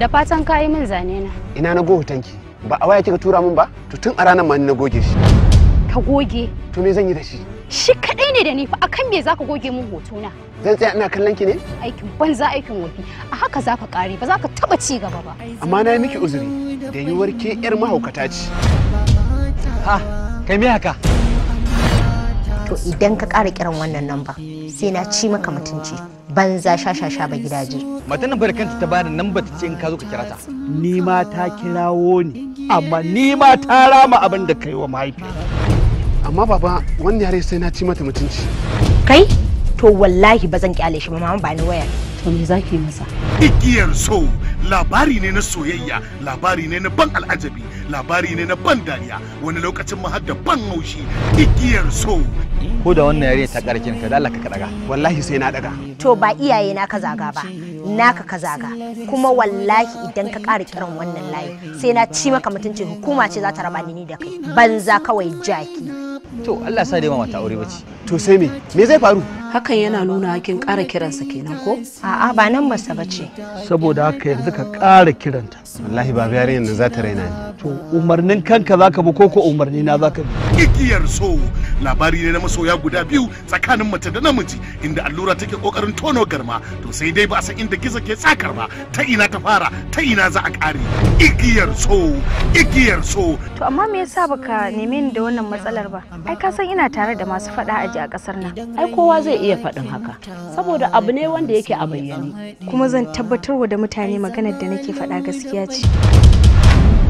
Da fatan ka min zane na. Ina na goge tanki Ba a waya kika tura min ba? To tun a ranar ma ni na goge shi. Ka goge? To me zan yi da shi? Shi kadai ne da ni fa akan me zaka goge min hoto na Zan tsaya ina kallon ki ne? Aikin banza aikin wafi. A haka zaka kare ba zaka taba ci gaba ba. Amma na yi miki uzuri da yiwuwar ke yar mahaukata ce. Ha, kai me haka? To idan ka ƙara kiran wannan namba sai na ci maka mutunci. banza shashasha ba gidaje. Mata nan kanta ta bada nan ba ta ce in ka zo ka kira ta. Ni ma ta kirawo ni amma ni ma ta rama abin da kai wa mahaifi. Amma baba wannan yare sai na ci mata mutunci. Kai to wallahi ba zan kyale shi ba mama ba ni waya. To me zaki masa? Igiyar so labari ne na soyayya labari ne na ban al'ajabi labari ne na ban dariya wani lokacin ma har da ban haushi igiyar so ko da wannan yare ta karkin ka da ka daga wallahi sai na daga to ba iyaye na ka zaga ba naka ka zaga kuma wallahi idan ka ƙara kiran wannan layi sai na ci maka mutuncin hukuma ce za ta raba ni da kai banza kawai jaki to Allah sa dai ma mata aure bace to sai me me zai faru hakan yana nuna kin ƙara kiransa kenan ko a'a ba nan masa bace saboda haka yanzu ka ƙara kiranta wallahi ba biyar yanzu za ta raina ni to umarnin kanka zaka bi ko ko umarni na zaka bi igiyar so labari ne na masoya guda biyu tsakanin mace da namiji inda allura take kokarin tono garma to sai dai ba a san inda gizo ke tsakar ba ta ina ta fara ta ina za a kare igiyar so igiyar so to amma me yasa baka neme ni da wannan matsalar ba ai ka san ina tare da masu fada aji a kasar nan ai kowa zai iya faɗin haka saboda abu ne wanda yake a bayyane kuma zan tabbatarwa da mutane maganar da nake faɗa gaskiya ce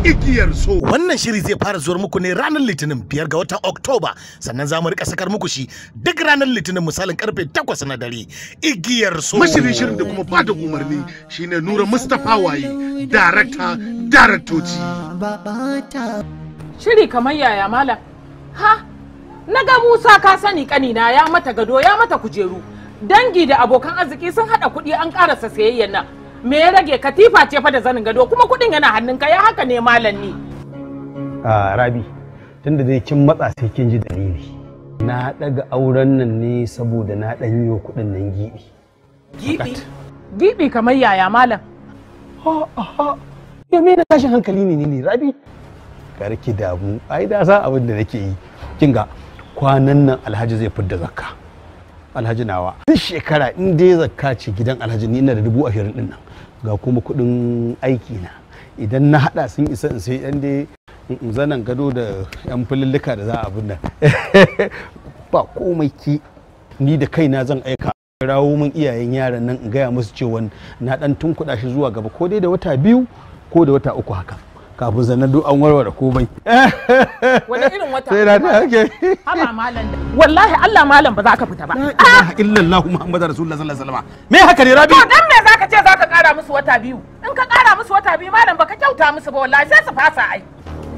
igiyar so. Wannan shiri zai fara zuwar muku ne ranar Litinin biyar ga watan Oktoba sannan za mu rika sakar muku shi duk ranar Litinin misalin karfe takwas na dare. Igiyar so. Mashirin shirin da kuma bada umarni shine Nura Mustapha Waye, darakta daraktoci. Shiri kamar yaya malam? Ha? na ga musa ka sani kanina ya mata gado ya mata kujeru dangi da abokan arziki sun hada kuɗi an karasa sayayyan nan me ya rage katifa ce fa da zanin gado kuma kuɗin yana hannunka ya haka ne malam ni a rabi tunda dai kin matsa sai kin ji dalili na daga auren nan ne saboda na dan yiwo kuɗin nan gibi gibi gibi kamar yaya malam ha ha ya me tashin hankali ne ne rabi karki damu ai da san abin da nake yi kin ga kwanan nan alhaji zai fidda zakka alhaji nawa duk shekara in dai zakka ce gidan alhaji ni ina da dubu ashirin din nan ga kuma kuɗin aiki na idan na haɗa sun isa in sai yan dai zanen gado da yan filillika da za a abin nan ba komai ki ni da kaina zan aika rawo min iyayen yaran nan in gaya musu cewa na ɗan tunkuɗa shi zuwa gaba ko dai da wata biyu ko da wata uku haka kafin sannan duk an warware komai wani irin wata sai na ke. haba malam wallahi Allah malam ba za ka fita ba la illa illallah muhammadu rasulullah sallallahu alaihi wasallam me haka ne rabi to dan me zaka ce zaka kara musu wata biyu in ka kara musu wata biyu malam baka kyauta musu ba wallahi sai su fasa ai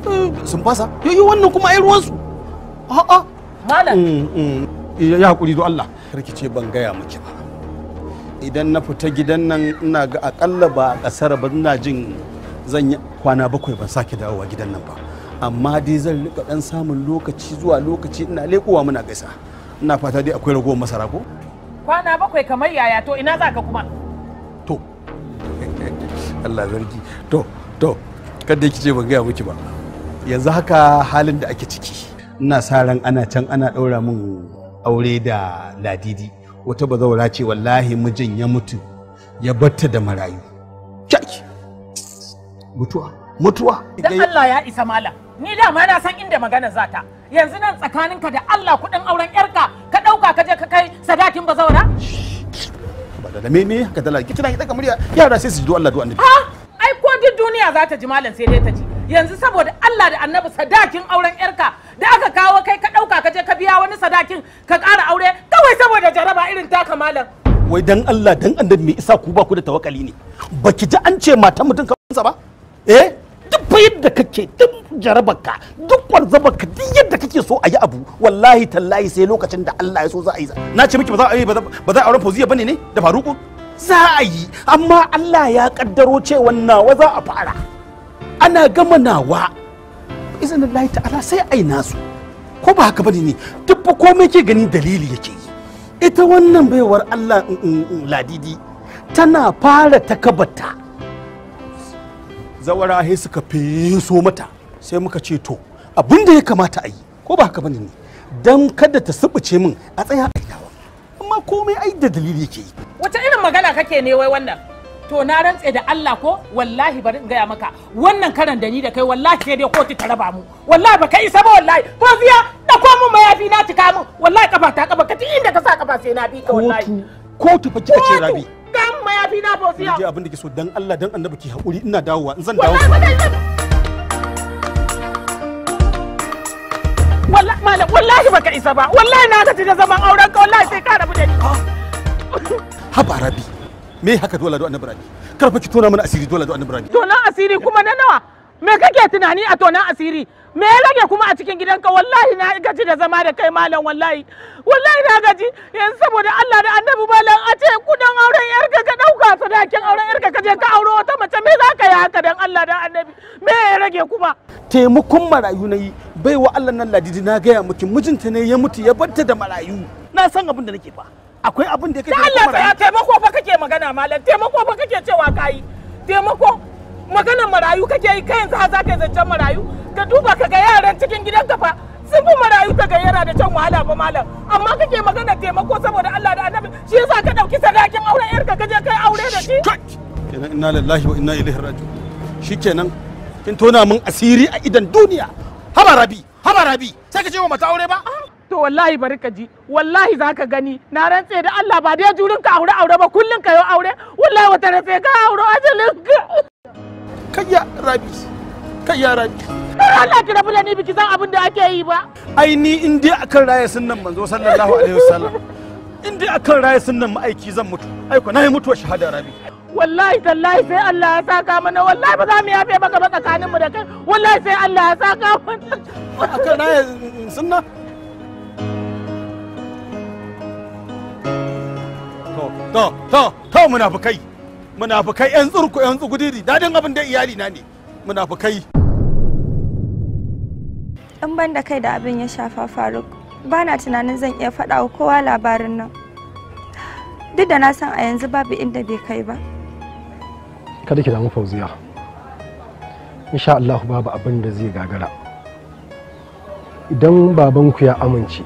eh, sun fasa Yoyi wannan kuma ai ruwan su a'a malam mm, mm. ya hakuri do Allah rikice ban gaya miki ba idan na fita gidan nan ina ga akalla ba a kasar ba ina jin zan yi kwana bakwai ban sake dawowa gidan nan ba amma dai zan rika dan samun lokaci zuwa lokaci ina lekowa muna gaisa ina fata dai akwai ragowar masara ko kwana bakwai kamar yaya to ina za ka kuma to Allah zargi to to kada ki ce ban gaya miki ba yanzu haka halin da ake ciki ina sa ran ana can ana daura min aure da ladidi wata bazawara ce wallahi mijin ya mutu ya batta da marayu mutuwa mutuwa dan Allah ya isa malam ni da ma na san inda magana za ta yanzu nan tsakaninka da Allah kuɗin auren yarka ka ɗauka ka je ka kai sadakin bazaura da me me ka dala ki tana ki daga murya yara sai su ji Allah do annabi ha ai ko duk duniya za ta ji malam sai dai ta ji yanzu saboda Allah da annabi sadakin auren yarka da aka kawo kai ka ɗauka ka je ka biya wani sadakin ka ƙara aure kawai saboda jaraba irin taka malam wai dan Allah dan annabi me isa ku ba ku da tawakkali ne baki ji an ce matan mutum ka ba eh duk fa yadda kake duk jarabarka duk warzabarka duk yadda kake so a yi abu wallahi tallahi sai lokacin da Allah ya so za a yi na ce miki ba za a yi ba za a auren fauziya bane ne da faruku za a yi amma Allah ya kaddaro cewa nawa za a fara ana gama nawa izinin Allah ta'ala sai a yi nasu ko ba haka bane ne duk fa komai ke gani dalili yake yi ita wannan baiwar Allah mm, mm, mm, ladidi tana fara takabata zawara sai suka so mata sai muka ce to abin da ya kamata a yi ko ba haka bane ne dan kada ta subuce min a tsaya a yawa amma komai ai da dalili yake yi wata irin magana kake ne wai wannan to na rantse da Allah ko wallahi bari in gaya maka wannan karan da ni da kai wallahi sai dai kotu ta raba mu wallahi ba isa ba wallahi ko fiya da ko mun mayafi na cika mu wallahi kafa ta kafa ka inda ka sa kafa sai na bi ka wallahi kotu fa ce rabi ga mayafi na fosiya je abin da ke so dan Allah dan annabi ki hakuri ina dawowa in zan dawo wallahi wallahi baka isa ba wallahi na gaji da zaman auren ka wallahi sai ka rabu da ni ah. haba rabi me haka dole da annabi rabi kar fa ki tona mana asiri dole da annabi rabi tona asiri kuma na nawa me kake tunani a tona asiri me ya rage kuma a cikin gidanka wallahi na gaji da zama da kai malam wallahi wallahi na gaji yanzu saboda Allah da annabi malam a ce kudan auren yarka ka dauka sadakin auren yarka ka je ka auro wata mace me za ka yi haka dan Allah da annabi me ya rage kuma taimakon marayu na yi bai wa Allah nan ladidi na gaya miki mijinta ne ya mutu ya barta da marayu na san abin da nake fa akwai abin da kake da Allah ya taimako fa kake magana malam taimako fa kake cewa kai taimako maganar marayu kake yi kai yanzu za ka zancen marayu ka duba ka ga yaran cikin ka fa sun fi marayu ta gayyara da can wahala ba malam amma kake magana taimako saboda Allah da annabi shi yasa ka dauki sadakin auren yar ka je kai aure da shi kenan inna lillahi wa inna ilaihi raji'un shikenan kin tona mun asiri a idan duniya haba rabi haba rabi sai ka ce wa mata aure ba ah, to wallahi bari ka ji wallahi za ka gani na rantse da Allah ba dai jurin ka aure aure ba kullun ka yau aure wallahi wata rantse ka aure ajalin ka kayya rabi kayya rabi Allah ki rabu da ni biki san abin da ake yi ba ai ni in dai akan raya sunnan manzo sallallahu alaihi wasallam in dai akan raya sunnan ma'aiki zan mutu ai ko nayi mutuwa shahada rabi wallahi tallahi sai Allah ya saka mana wallahi ba za mu yafe maka ba tsakanin mu da kai wallahi sai Allah ya saka mana akan raya sunna to to to to munafikai munafukai yan tsurku yan tsugudiri dadin abin da iyali na ne munafukai in ban da kai da abin ya shafa faruk ba na tunanin zan iya faɗa wa kowa labarin nan duk da na san a yanzu babu inda bai kai ba kada ki damu fauziya insha Allah babu abin da zai gagara idan babanku ya amince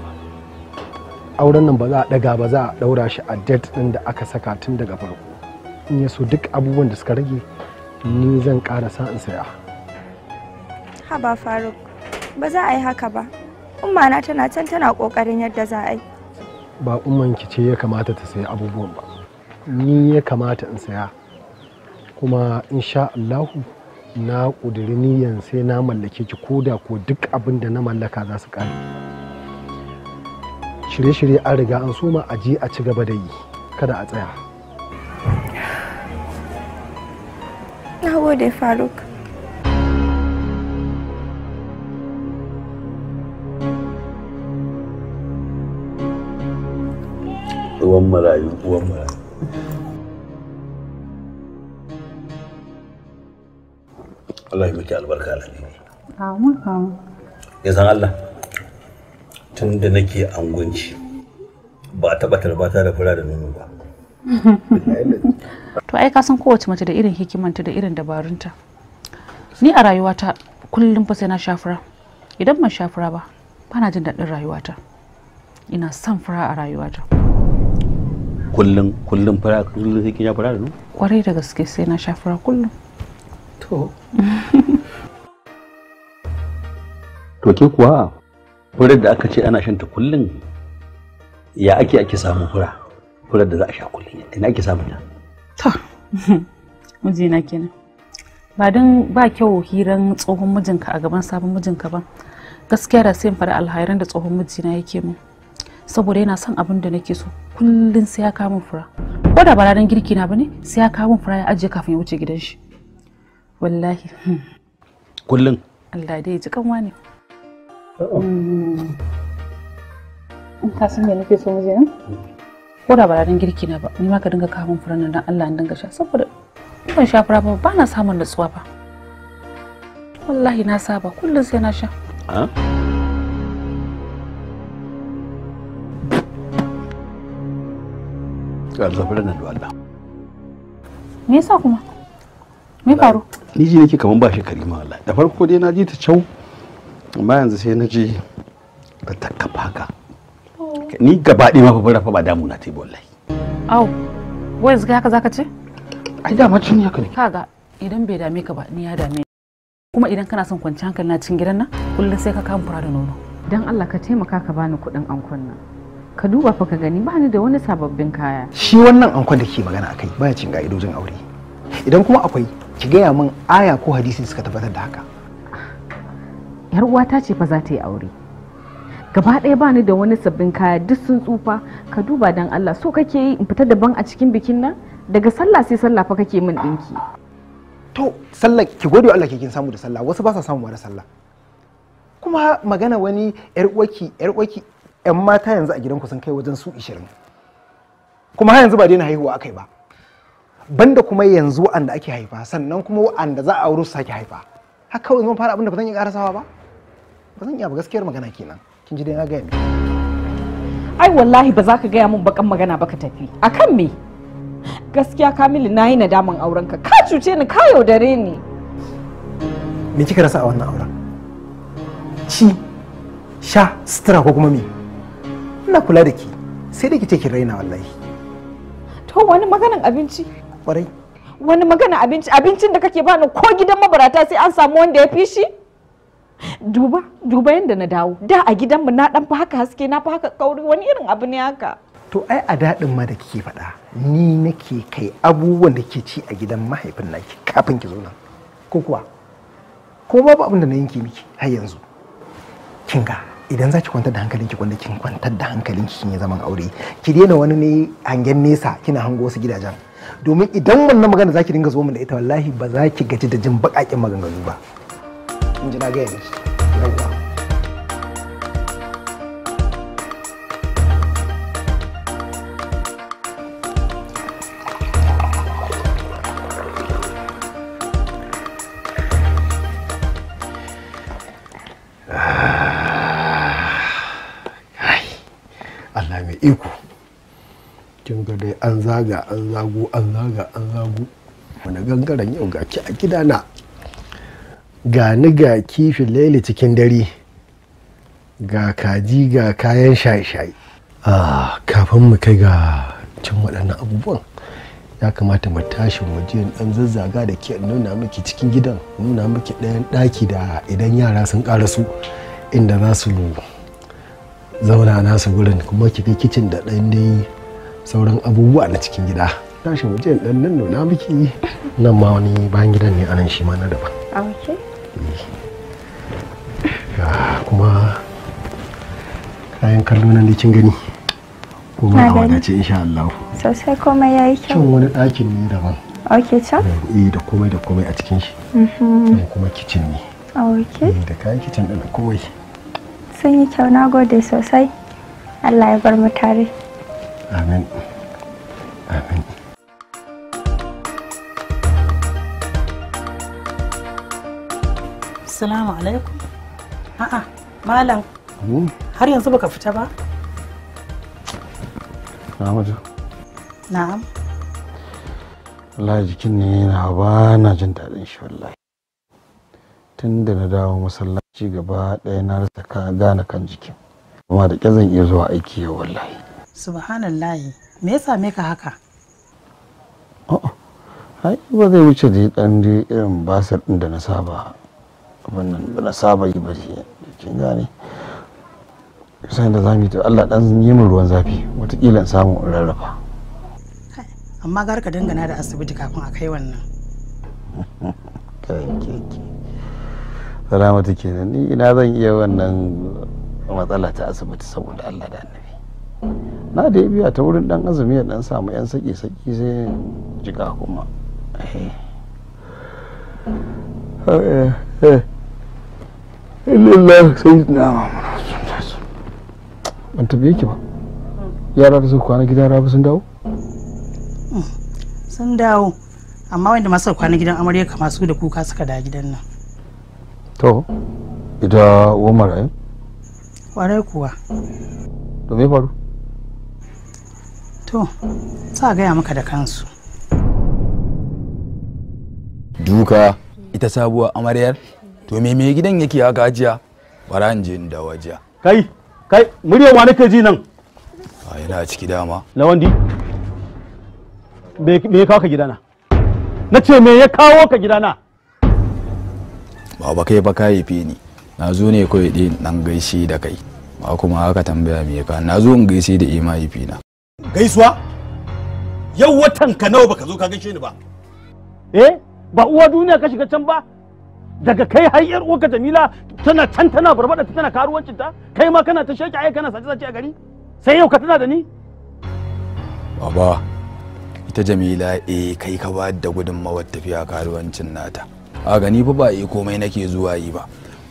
auren nan ba za a daga ba za a daura shi a date din da aka saka tun daga farko in ya so duk abubuwan da suka rage ni zan ƙara sa in saya haba faruk ba za a yi haka ba umma na tana can tana kokarin yadda za a yi ba umman ki ce ya kamata ta sayi abubuwan ba ni ya kamata in saya kuma insha Allahu na ƙudiri niyan sai na mallake ki koda ko duk abin da na mallaka za su ƙare shirye-shirye an riga an soma a ji a ci gaba da yi kada a tsaya na gode faruk uwan marayu uwan marayu Allah yi miki albarka alhamdulillah amin amin ya san Allah tun da nake angunci ba taɓa tarbata da fura da nuna ba to ai ka san kowace mace da irin hikimanta da irin dabarunta ni a rayuwata kullum fa sai na shafura idan ban shafura ba ba na jin daɗin rayuwata ina son fura a rayuwata kullum kullum fura kullum sai kin shafura da nu kwarai da gaske sai na shafura kullum to to ke kuwa furar da aka ce ana shanta kullum ya ake ake samu fura furar da za a sha kullum ina ake samun ta to mijina kenan ba don ba kyau hiran tsohon mijinka a gaban sabon mijinka ba gaskiya da sai in faɗi alhairan da tsohon mijina yake min saboda yana son abin da nake so kullum sai ya kawo fura ko da ba girki na bane sai ya kawo fura ya ajiye kafin ya wuce gidan shi wallahi kullum Allah dai ji kanwa ne hmm. in ka san me nake so mijina hmm. ko da ba dan girki na ba ni ma ka dinga kawo min furan nan dan Allah an dinga sha saboda in ban sha fura ba ba na samun nutsuwa ba wallahi na saba kullum sai na sha ga zafirar nan da Allah me yasa kuma me faru ni ji nake kaman ba shi karima wallahi da farko dai na ji ta cau amma yanzu sai na ji ta takkafa ka ni gaba ɗaya mafi rafa ba damu na taibu wallahi au wai zuka haka zaka ce ai dama cin haka ne kaga idan bai dame ka ba ni ya dame kuma idan kana son kwanciyar hankali na cikin gidan nan kullum sai ka kama fura da nono dan Allah ka taimaka ka bani kuɗin ankon nan ka duba fa ka gani bani da wani sababbin kaya shi wannan ankon da ke magana akai baya cin ga idojin aure idan kuma akwai ki gaya min aya ko hadisi suka tabbatar da haka yar uwata ce fa za ta yi aure gaba ɗaya bani da wani sabbin kaya duk sun tsufa ka duba dan Allah so kake yi in fita daban a cikin bikin nan daga sallah sai sallah fa kake min dinki to sallah ki gode Allah ke kin samu da sallah wasu ba sa samu da sallah kuma magana wani yar uwaki yar uwaki yan mata yanzu a gidanku sun kai wajen su 20 kuma har yanzu ba daina haihuwa akai ba banda kuma yanzu wa'anda ake haifa sannan kuma wa'anda za a wuri su sake haifa haka kawai zan fara abin da ba zan iya karasawa ba ba zan iya ba gaskiyar magana kenan kin ji dai na gaya ne? ai wallahi ba za ka gaya min bakan magana ba ka tafi akan me gaskiya kamilu na yi nadaman aurenka ka cuce ni ka yaudare ni me kika rasa a wannan auren ci sha sutura ko kuma me ina kula da ki sai da ce ki raina wallahi to wani maganan abinci kwarai wani magana abinci abincin da kake bani ko gidan mabarata sai an samu wanda ya fi shi duba duba yadda na dawo da a gidanmu na dan fa haka haske na fa haka kauri wani irin abu ne haka to ai a daɗin ma da kike faɗa ni nake kai abubuwan da ke ci a gidan mahaifin naki kafin ki zo nan ko kuwa ko babu abin da na yanke miki har yanzu kin ga idan za ki kwantar da hankalinki ki kin kwantar da hankalinki ki ya zaman aure ki daina wani ne hangen nesa kina hango wasu gidajen domin idan wannan magana za ki dinga zuwa mun da ita wallahi ba za ki gaji da jin baƙaƙen maganganu ba in ah, iko kin ga dai an zaga an zago an zaga an zago wani yau ga ki a gidana ga ga kifin laili cikin dare ga kaji ga kayan shaye-shaye ah kafin mu kai ga cin waɗannan abubuwan ya kamata mu tashi mu je dan zazzaga da ke nuna miki cikin gidan nuna miki ɗayan ɗaki da idan yara sun su inda za su zauna a nasu gurin kuma ki ga kicin da ɗan dai sauran abubuwa na cikin gida tashi mu je dan nuna miki nan ma wani bayan gidan ne anan shi ma na daban Ah, kuma kayan kallo nan da gani komai a wadace insha Allah sosai komai yayi kyau cin wani ɗakin ne daban ok can eh, eh da komai da komai a cikin shi dan mhm. kuma kitchen ne eh, da kayan kitchen din komai sun yi kyau na gode sosai Allah ya bar mu tare amin amin Assalamu alaikum. A'a, malam. Har yanzu baka fita ba? Na'amatu. Na'am. Allah jikin ne yana ba na jin daɗin shi wallahi. Tun da na dawo masallaci gaba ɗaya na rasa ka gane kan jikin. Kuma da ƙyar zan iya zuwa aiki yau wallahi. Subhanallah. me ya same ka haka? A'a, ai ba zai wuce da ya ɗan irin basar ɗin da na saba wannan nan na saba yi bari kin gane sai da zamu ta Allah dan yi min ruwan zafi watakila in samu in rarrafa amma gar ka dangana da asibiti kafin a kai wannan salamatu kenan ni ina zan iya wannan matsala ta asibiti saboda Allah da annabi na da ya biya ta wurin dan azumi ya dan samu yan saki saki sai jika kuma eh eh, eh. illallah sayyidina ban tabi yake ba yara da suka kwana gidan rabu sun dawo sun dawo amma wanda masu kwana gidan amarya kama su da kuka suka da gidan nan to ita uwan marayu warai kuwa to me faru to sa gaya maka da kansu duka ita sabuwa amaryar to me mai gidan yake ya ajiya bara in je in dawo ajiya kai kai muryar wa nake ji nan a yana ciki dama lawandi me ya kawo ka gidana na ce me ya kawo ka gidana ba ba kai ba ka yi ni na zo ne kawai din nan gaishe da kai ba kuma haka tambaya me ka na zo in gaishe da ima eh, yi na gaisuwa yau watan ka nawa baka zo ka gaishe ni ba eh ba uwa duniya ka shiga can ba daga kai har yar uwarka Jamila tana can tana barbada tana karuwancin ta kai ma kana ta shaki ai kana sace sace a gari sai yau ka tana da ni baba ita Jamila eh kai ka ba da gudun mawar tafiya karuwancin nata a gani fa ba eh komai nake zuwa yi ba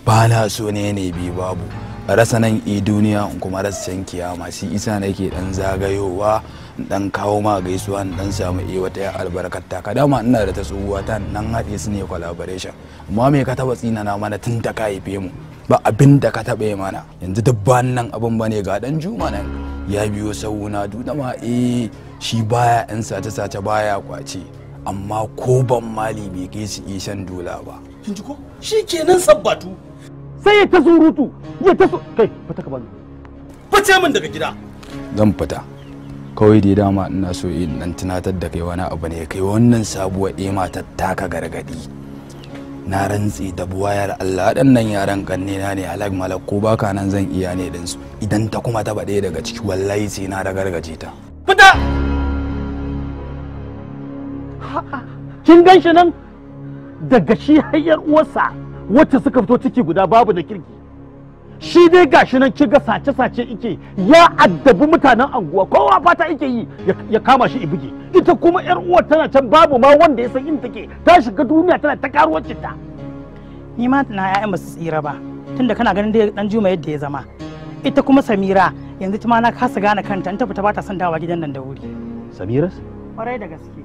ba na so ne ne bi babu rasa nan e duniya in kuma rasa kiyama shi isa nake dan zagayowa dan kawo ma gaisuwa dan samu eh wata ya albarkata ka dama ina da ta tsohuwa ta nan haɗe su ne collaboration amma me ka taba tsinana mana tun ta haife mu ba abin da ka taba yi mana yanzu duk ba nan abin ba ne ga dan juma nan ya biyo sauna duna ma eh shi baya yan sace sace baya kwace amma ko ban mali bai kai su ishan dola ba kin ji ko shikenan sabbatu sai ya ta surutu ya ta kai fita ka bani fice min daga gida zan fita kawai ya dama ina so in dan tunatar da kai wani abu ne kai wannan sabuwar ema eh ta taka gargadi na rantsi da buwayar Allah waɗannan yaran kanne na ne halak malak ko baka nan zan iya ne din su idan ta kuma ta bade daga ciki wallahi sai na ragargaje ta fita kin gan shi nan daga shi hayyar uwarsa wacce suka fito ciki guda babu da kirki shi dai gashi nan kiga sace-sace ike ya addabi mutanen anguwa kowa fata ike yi ya kama shi ibige ita kuma yar uwar tana can babu ma wanda ya san in take ta shiga duniya tana ta karuwar cinta ni ma na ƴaƴan ba su tsira ba tunda kana ganin dai dan juma yadda ya zama ita kuma samira yanzu ta ma na kasa gane kanta in ta fita ba son dawa gidan nan da wuri samira kwarai da gaske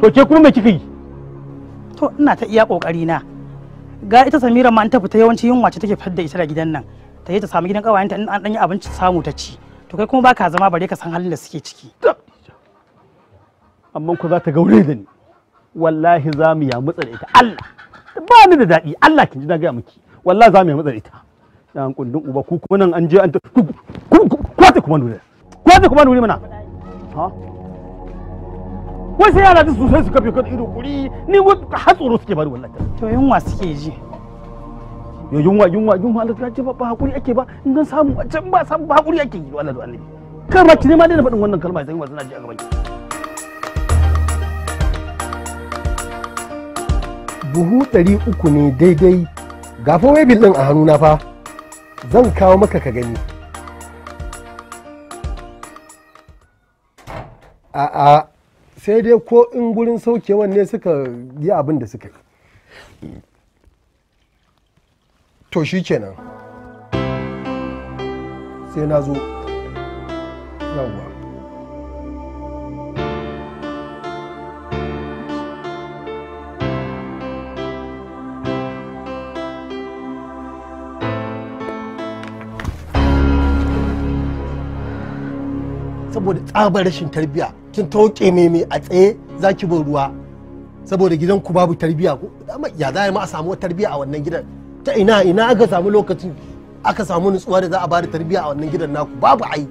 to ke kuma me kika yi to ina ta iya kokari na ga ita samira ma an ta fita yawanci yunwa ce take fitar da ita da gidan nan ta yi ta samu gidan kawayenta in an danyi abinci samu ta ci to kai kuma baka zama bare ka san halin da suke ciki amma ku za ta gaure da ni wallahi za mu ya mutsa ita Allah ba ni da daɗi Allah kin ji na gaya miki wallahi za mu ya mutsa da ita yan kundin uba ku kuma nan an je an ku ku kuma ku ku ku ku ku ku wai sai yara da sosai su kafe kan ido kuri ni har hatsoro suke bari wallahi to yunwa suke ji yo yunwa yunwa yunwa Allah ta ce ba hakuri ake ba in gan samu a can ba samu ba hakuri ake yi Allah da annabi kan ba ki ne ma dai na faɗin wannan kalma sai yunwa suna ji a gaban ki buhu ɗari uku ne daidai gafa webil ɗin a hannu na fa zan kawo maka ka gani a'a sai dai ko in gurin saukewan ne suka yi abin da suka yi to shi kenan sai na zo yawwa saboda tsabar rashin tarbiya kin toke meme a tsaye zaki bin ruwa saboda gidan ku babu tarbiya ya za ma a samu tarbiya a wannan gidan ta ina ina aka samu lokacin aka samu nutsuwa da za a bada tarbiya a wannan gidan naku babu ai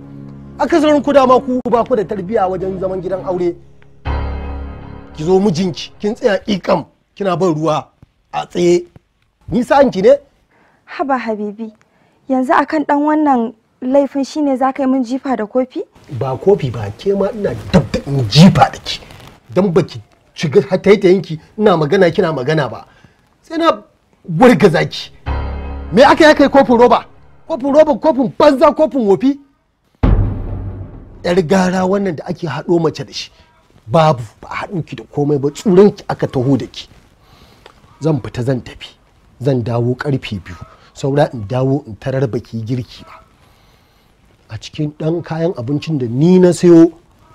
akasarin ku dama ku ba ku da tarbiya wajen zaman gidan aure ki zo mijinki kin tsaya ikam kina bin ruwa a tsaye nisanki ne haba habibi yanzu akan dan wannan laifin shi ne za ka yi min jifa da kofi? Ba kofi ba, ke ma ina dabdabin jifa da ke. Don ba ki shiga taitayenki ina magana kina magana ba. Sai na za ki. Me aka yi kai kofin roba? Kofin roba kofin banza kofin wofi? Yar gara wannan da ake haɗo mace da shi. Babu ba a haɗu ki da komai ba tsuran ki aka taho da ki. Zan fita zan tafi. Zan dawo ƙarfe biyu. Saura in dawo in tarar baki girki ba. a cikin ɗan kayan abincin da ni na sayo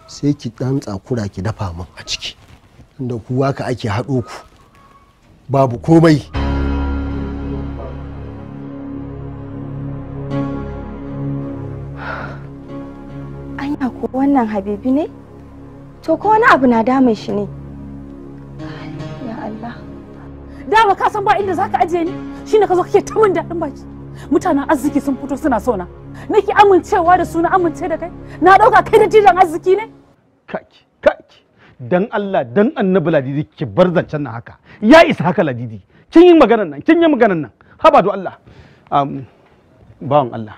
sai ki ɗan tsakura ki dafa min a ciki inda kuwa ka ake haɗo ku babu komai anya ko wannan habibi ne to ko wani abu na damun shi ne ya Allah dama ka san ba inda zaka ajiye ni shine ka zo kake ta min daɗin baki mutanen arziki sun fito suna sona nake amincewa da su na amince da kai na dauka kai da jijan arziki ne kaki kaki dan Allah dan annabi ladidi ki bar zancen nan haka ya isa haka ladidi kin yi maganar nan kin yi maganar nan haba do Allah um, bawan Allah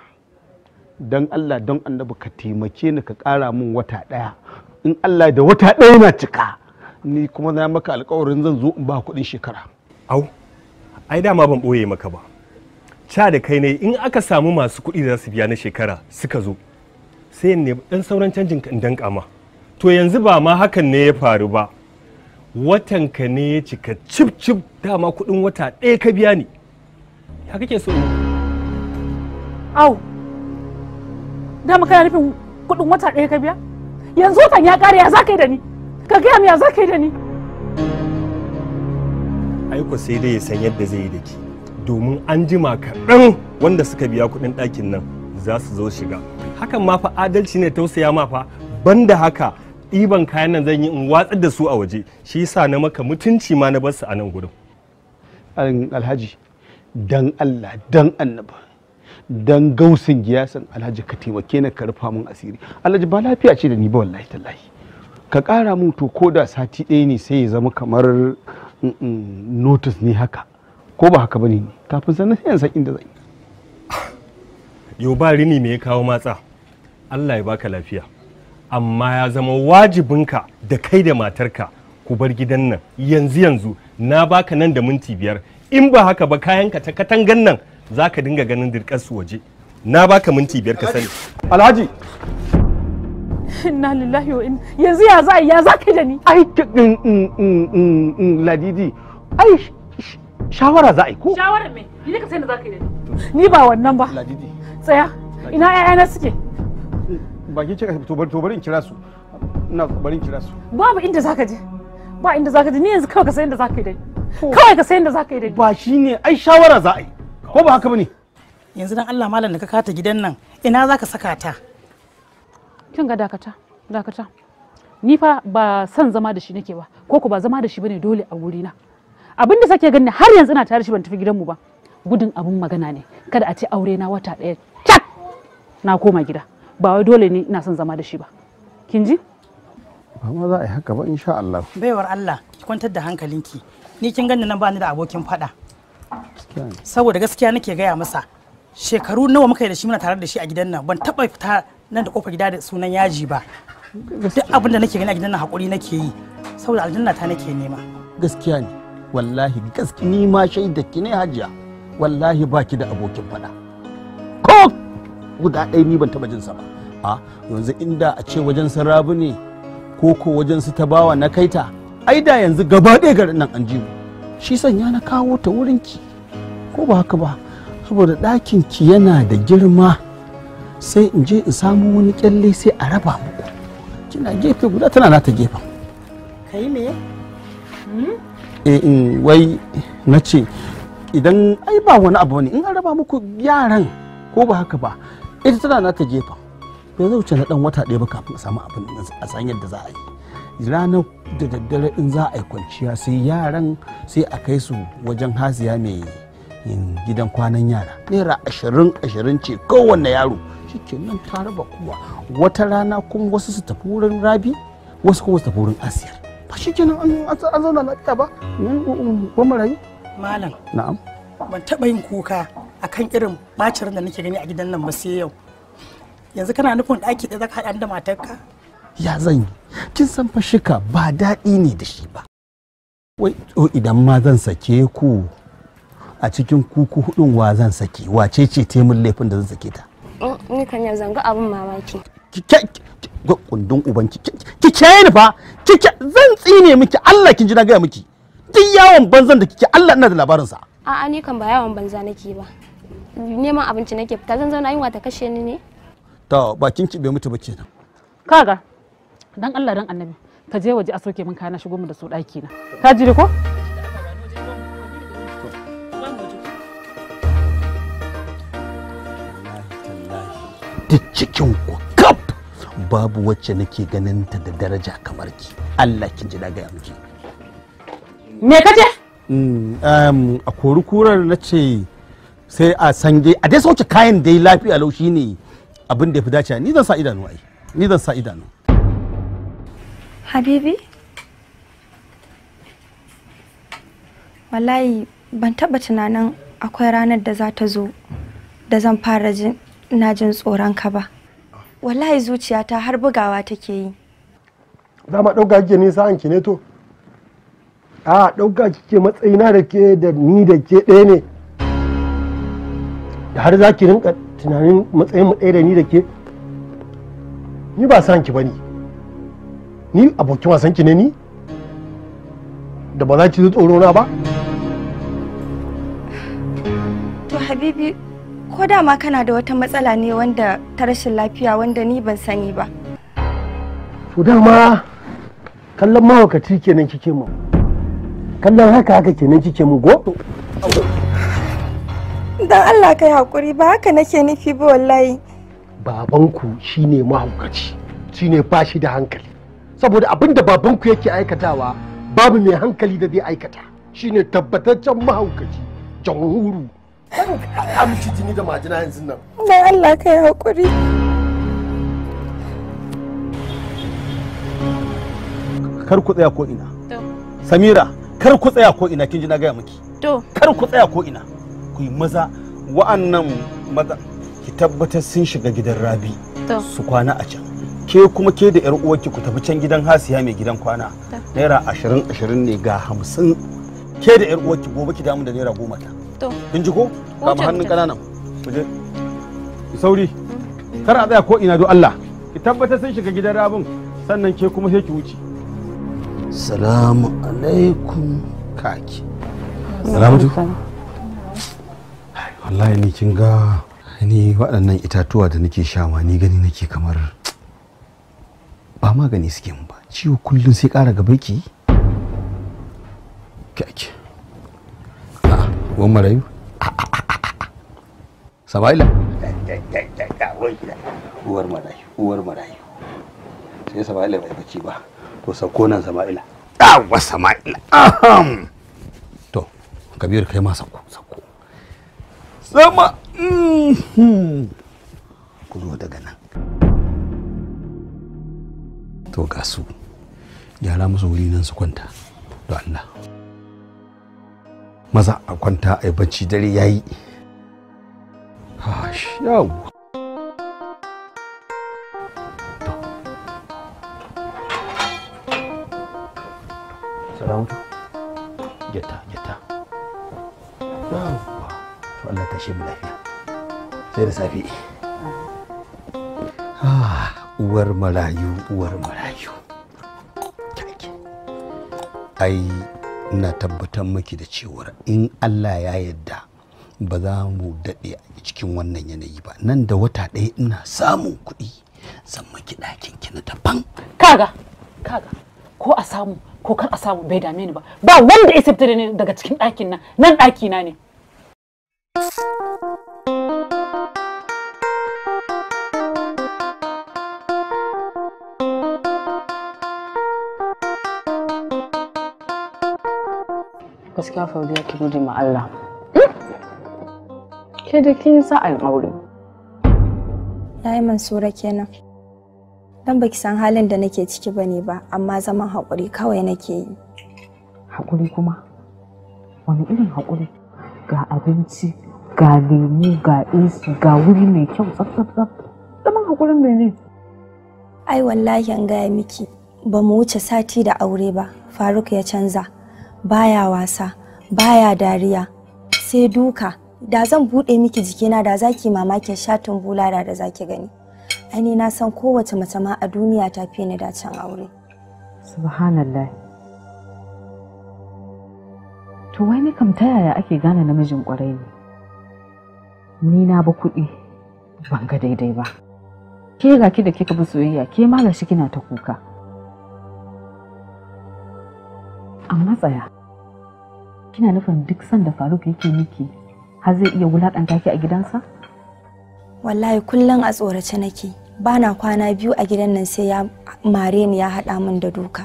dan Allah don annabi ka taimake ni ka kara min wata daya in Allah da wata daya na cika ni kuma na maka alƙawarin zan zo in ba kuɗin shekara au ai dama ban ɓoye maka ba ca da kai ne in aka samu masu kuɗi da za su biya na shekara suka zo sai ne ɗan sauran canjin in danka ma to yanzu ba ma hakan ne ya faru ba watan ka ne ya cika cip cip dama kuɗin wata ɗaya ka biya ni ya kake so au dama kana nufin kuɗin wata ɗaya ka biya yanzu watan ya ƙare ya za ka yi da ni ka gaya mu ya za ka yi da ni aiko sai dai ya san yadda zai yi da ki domin an kaɗan wanda suka biya kuɗin ɗakin nan za su zo shiga hakan ma fa adalci ne tausaya ma fa banda haka ɗiban kayan nan zan yi in watsar da su a waje shi yasa na maka mutunci ma na barsu a nan gurin alhaji dan allah dan annaba dan gausin giyasan alhaji ka taimake na ka rufa mun asiri alhaji ba lafiya ce da ni ba wallahi tallahi ka kara mun to ko da sati ɗaya ne sai ya zama kamar mm, mm, notice ne haka ko ba haka bane ne kafin sannan sai san inda zai yau ba rini me ya kawo matsa Allah ya baka lafiya amma ya zama wajibinka da kai da matarka ku bar gidan nan yanzu yanzu na baka nan da minti biyar in ba haka ba kayanka ta katangan nan za ka dinga ganin dirkar su waje na baka minti biyar ka sani alhaji inna lillahi wa inna yanzu ya za ya za ka da ni ai mm, mm, mm, ladidi ai shawara za a yi ko shawara me ni ka sai na za ka yi ni ba wannan ba ladidi tsaya ina ƴaƴana suke ba ki kika to bari to bari in kira su ina bari in kira su babu inda zaka je ba inda zaka je ni yanzu kawai ka sai inda zaka yi dai kawai ka sai inda zaka yi dai ba shine ai shawara za a yi ko ba haka bane yanzu dan Allah malam da ka kata gidan nan ina zaka saka ta kin ga dakata dakata ni fa ba son zama da shi nake ba ko ko ba zama da shi bane dole a wurina na abinda sake gani har yanzu ina tare shi ban tafi gidanmu ba gudun abun magana ne kada a ce aure na wata ɗaya cak na koma gida ba wai dole ne ina son zama da shi ba kin ji ba ma za a yi haka ba insha Allah baiwar Allah ki kwantar da hankalinki ni kin ganni nan bani da abokin faɗa saboda gaskiya nake gaya masa shekaru nawa muka yi da shi muna tare da shi a gidan nan ban taɓa fita nan da kofar gida da sunan yaji ba duk abin da nake gani a gidan nan hakuri nake yi saboda aljanna ta nake nema gaskiya ne wallahi gaske ni ma shaida ki ne hajiya wallahi baki da abokin fada ko guda ɗaya ni ban taɓa jin sa ba a yanzu inda a ce wajen sarabu ne ko ko wajen su tabawa na kaita ai da yanzu gaba ɗaya garin nan an ji mu shi sanya na kawo ta wurin ki ko ba haka ba saboda ɗakin ki yana da girma sai in je in samu wani kyalle sai a raba muku kina gefe guda tana nata gefen kai me hmm? in eh, eh, wai na ce idan ai ba wani abu ne in an raba muku yaran ko ba haka ba ita tana na ta gefa bai zai wuce na dan wata ɗaya ba kafin a samu abin a san yadda za a yi ranar da daddare in za a yi kwanciya sai yaran sai a kai su wajen haziya mai yin gidan kwanan yara naira ashirin ashirin ce kowanne yaro shikenan ta raba kowa wata rana kuma wasu su tafi wurin rabi wasu kuma su tafi wurin asiyar ba shi kenan an zauna lafiya ba ko marayu malam na'am ban taɓa yin kuka akan irin bacin da nake gani a gidan nan ba sai yau yanzu kana nufin ɗaki ɗaya zaka haɗa da matarka ya zan yi kin san fa shika ba daɗi ne da shi ba wai to idan ma zan sake ku a cikin kuku hudun wa zan sake wace ce taimun laifin da zan sake ta mm, ni kan ya zanga abin mamaki kundin ubanki ki ni fa kike zan tsine miki Allah kin ji na gaya miki duk yawon banzan da kike Allah ina da labarin sa a'a ni kan ba yawon banza nake ba neman abinci nake fita zan zauna yin wata kashe ni ne to bakin ki bai mutu ba kenan kaga dan Allah dan annabi ka je waje a soke min kaya na shigo mu da su daki na ka jire ko duk cikin ku kaf babu wacce nake ganin ta da daraja kamar ki Allah kin ji daga gaya me kace mm, um a kori kurar na ce sai a sange a dai sauke kayan da yi lafiya lau shine abin da ya fi dace ni zan sa idanu ai ni zan sa idanu habibi wallahi ban taba tunanin akwai ranar da za ta zo da zan fara jin na jin tsoron ka ba wallahi zuciyata har bugawa take yi dama ɗauka kike nisa an ne to a ɗauka kike matsayina da ke da ni da ke ɗaya ne da har za ki rinka tunanin matsayin mu ɗaya da ni da ke ni ba san ki bane ni abokin wasan ki ne ni da ba za ki ji tsoro na ba to habibi ko dama kana da wata matsala ne wanda ta rashin lafiya wanda ni ban sani ba to dama kallon mahaukaci kenan kike mu kallon haka haka kenan kike mu go dan Allah kai hakuri ba haka nake nufi ba wallahi babanku shine mahaukaci shine ba shi da hankali saboda abin da babanku yake aikatawa babu mai hankali da zai aikata shine tabbataccen mahaukaci jamhuru Amince jini da majina yanzu nan. Na Allah ka yi haƙuri. Kar ku tsaya ko ina. Samira, kar ku tsaya ko ina kin ji na gaya miki. To. Kar ku tsaya ko ina. Ku yi maza wa'annan maza ki tabbatar sun shiga gidan Rabi. Su kwana a can. Ke kuma ke da 'yar uwarki ku tafi can gidan Hasiya mai gidan kwana. Naira ashirin ashirin ne ga hamsin. Ke da 'yar uwarki gobe ki damu da naira goma ta. to kin ji ko kama hannun kananan ku je sauri kar a tsaya ko ina do Allah ki tabbatar sun shiga gidan rabin sannan ke kuma sai ki wuce salamu alaikum kaki salamatu wallahi ni kin ga ni waɗannan itatuwa da nake shawa ni gani nake kamar ba magani suke mun ba ciwo kullum sai ƙara gaba ki kake uwan marayu sabaila uwar marayu uwar marayu sai sama'ila bai bacci ba to sauko nan sama'ila yawa sama'ila aham to kabir kai ma sauko sauko sama mhm. ku zo daga nan to ga su gyara musu wuri nan su kwanta don Allah maza a kwanta a yi bacci dare ya yi yawo salamatu sai da safe ah, uwar marayu uwar marayu ai ina tabbatar maki da cewar in Allah ya yarda ba za mu daɗe cikin wannan yanayi ba nan da wata ɗaya ina samun kuɗi zan maki ɗakin ki na daban kaga kaga ko a samu ko kan a samu bai dame ni ba ba wanda ya sabta daga cikin ɗakin nan nan ɗakina na ne gaskiya faudiya ki gode ma Allah hmm? ke da kin sa al'aure yayi mansura kenan dan baki san halin da nake ciki bane ba amma zaman haƙuri kawai nake yi haƙuri kuma wani irin haƙuri ga abinci ga lemu ga isi ga wuri mai kyau tsaf-tsaf zaman haƙurin mene ai wallahi an gaya miki ba mu wuce sati da aure ba faruk ya canza baya wasa baya dariya sai duka da zan buɗe miki jikina da zaki mamakin shatin bulara da zaki gani aini na san kowace mace ma a duniya ta fi ni dacen aure subhanallah to wai ni kam ta yaya ake gane namijin kwarai ne ni na ba kuɗi ban ga daidai ba ke ga ki da kika bi soyayya ke ma shi kina ta kuka amma tsaya kina nufin duk sanda faruk yake miki har zai iya wulakanta ki a gidansa wallahi kullum a tsorace nake bana kwana biyu a gidan nan sai ya mare ni ya haɗa min da doka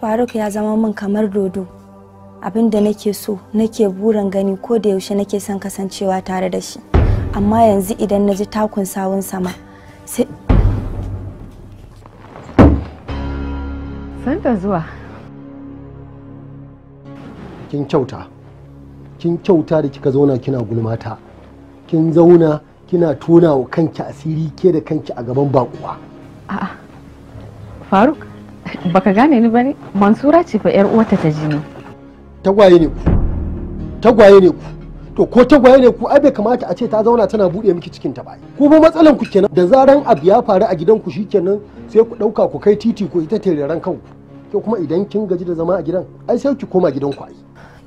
faruk ya zama min kamar dodo abin da nake so nake burin gani ko da yaushe nake son kasancewa tare da shi amma yanzu idan na ji takun sawun sama sai santa zuwa kin kyauta kin kyauta da kika zauna kina gulmata kin zauna kina tona wa kanki asiri ke da kanki a gaban bakuwa a'a faruk baka gane ni bane mansura ce fa yar uwata ta jini tagwaye ne ku tagwaye ne ku to ko tagwaye ne ku ai bai kamata a ce ta zauna tana bude miki cikin ta bai ku ba matsalan ku kenan da zaran abu ya faru a gidan ku shikenan sai ku dauka ku kai titi ku ita ran kanku ko kuma idan kin gaji da zama a gidan ai sai ki koma gidan ku ai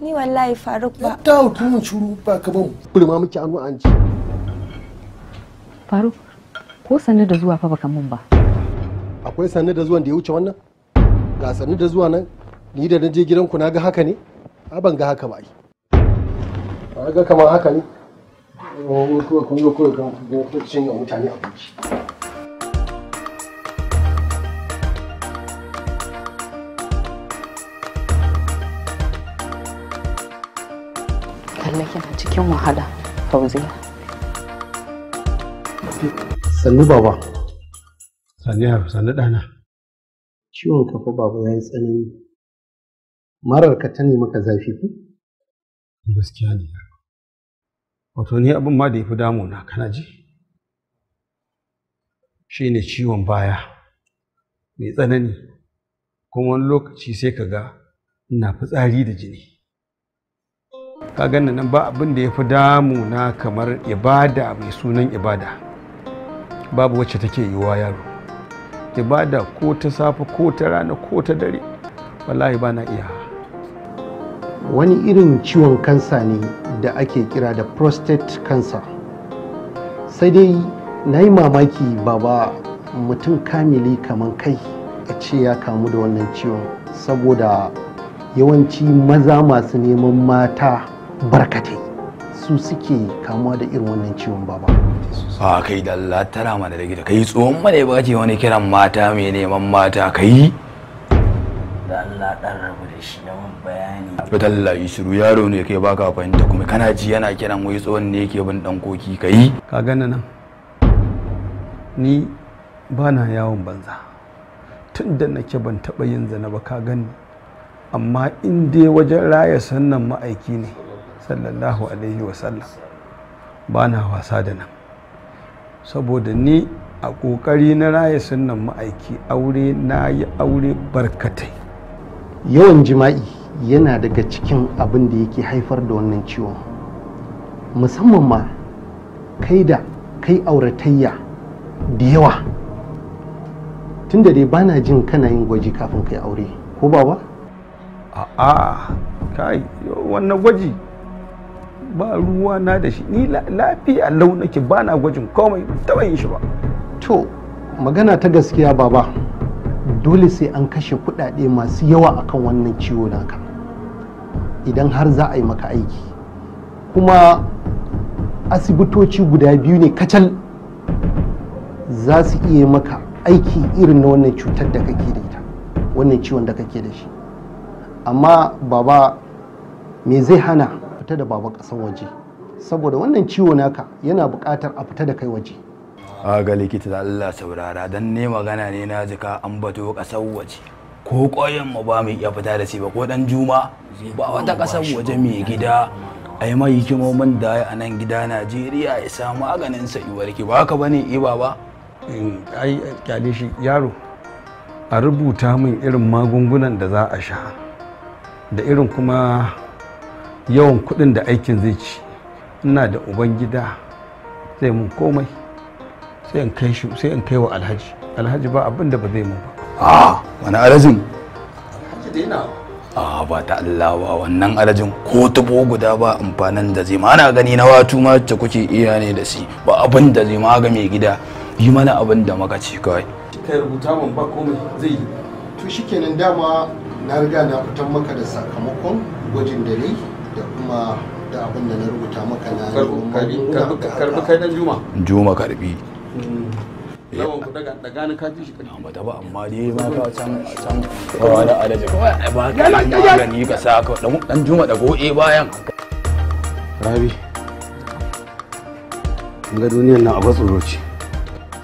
ni wallahi faruk ba ta mun shuru ba ka ban kurma miki anu an ji faruk ko sanni da zuwa fa baka mun ba akwai sanni da zuwan da ya wuce wannan ga sanni da zuwa nan ni da na je gidanku na ga haka ne a ban ga haka ba ai ga kamar haka ne kun zo kawai kan mutane abinci lalle a cikin wahala fauziya sannu baba saniyar sannu ɗana ciwon kafa baba ya yi tsanani marar ka ta ne maka zafi ku gaskiya ne wato ni abin ma da ya fi damuna kana ji shi ne ciwon baya mai tsanani kuma wani lokaci sai ka ga ina fitsari da jini ka gani nan ba abin da ya fi damu na kamar ibada mai sunan ibada babu wacce take yiwa yaro ibada ko ta safe ko ta rana ko ta dare wallahi ba na iya wani irin ciwon kansa ne da ake kira da prostate cancer sai dai na yi mamaki baba mutum kamili kamar kai a ce ya kamu da wannan ciwon saboda yawanci maza masu neman mata barkatai su suke kamuwa da irin wannan ciwon baba a kai da Allah tara ma da gida kai tsohon mai ba ce wani kiran mata mai neman mata kai da Allah dan rabu da shi yawan bayani ba talla shiru yaro ne kai baka fahimta kuma kana ji yana kiran wai tsohon ne yake bin dan koki kai ka gana nan ni ba na yawon banza tun da nake ban taba yin zina ba ka gani amma in dai wajen raya sannan ma'aiki ne sallallahu alaihi wasallam ba na wasa da nan saboda ni a ƙoƙari na raya sunan ma'aiki aure na yi aure barkatai yawan jima'i yana daga cikin abin da yake haifar da wannan ciwon musamman ma kai da kai auratayya da yawa tunda dai bana jin kana yin gwaji kafin kai aure ko ba ba a'a kai wannan gwaji ba ruwa na da shi ni lafiya lau ba na gwajin komai taba yin shi ba to magana ta gaskiya baba dole sai an kashe kuɗaɗe masu yawa akan wannan ciwo naka idan har za a yi maka aiki kuma asibitoci guda biyu ne kacal za su iya maka aiki irin na wannan cutar da kake da ita wannan ciwon da kake da shi amma baba me zai hana fita da baba kasan waje saboda wannan ciwo naka yana buƙatar a fita da kai waje a ga likita da Allah saurara dan ne magana ne na jika an bato kasan waje ko ƙoyin mu ba mu iya fita da shi ba ko dan juma ba wata kasan waje mai gida a yi mai hikimomin da a nan gida Najeriya ya samu maganin sa iwarki ba ka bane iba ba eh, ai kyale shi yaro a rubuta min irin magungunan da za a sha da irin kuma yawan kuɗin da aikin zai ci ina da ubangida zai mun komai sai in kai shi sai in kai wa alhaji alhaji ba abin da ba zai mun ba a wani alhajin alhaji da yana a ba ta Allah ba wannan alhajin ko tubo guda ba amfanin da zai mana gani na watu ma ta kuke iya ne da shi ba abin da zai ma ga mai gida yi mana abin da maka ce kawai kai rubuta mun ba komai zai yi to shikenan dama na riga na fitar maka da sakamakon gwajin da nayi kuma da abin da na rubuta maka na karbi kai dan juma juma karbi hmm. amma dai ma ka can can da alaji kawai ba ga duniyar nan abu tsoro ce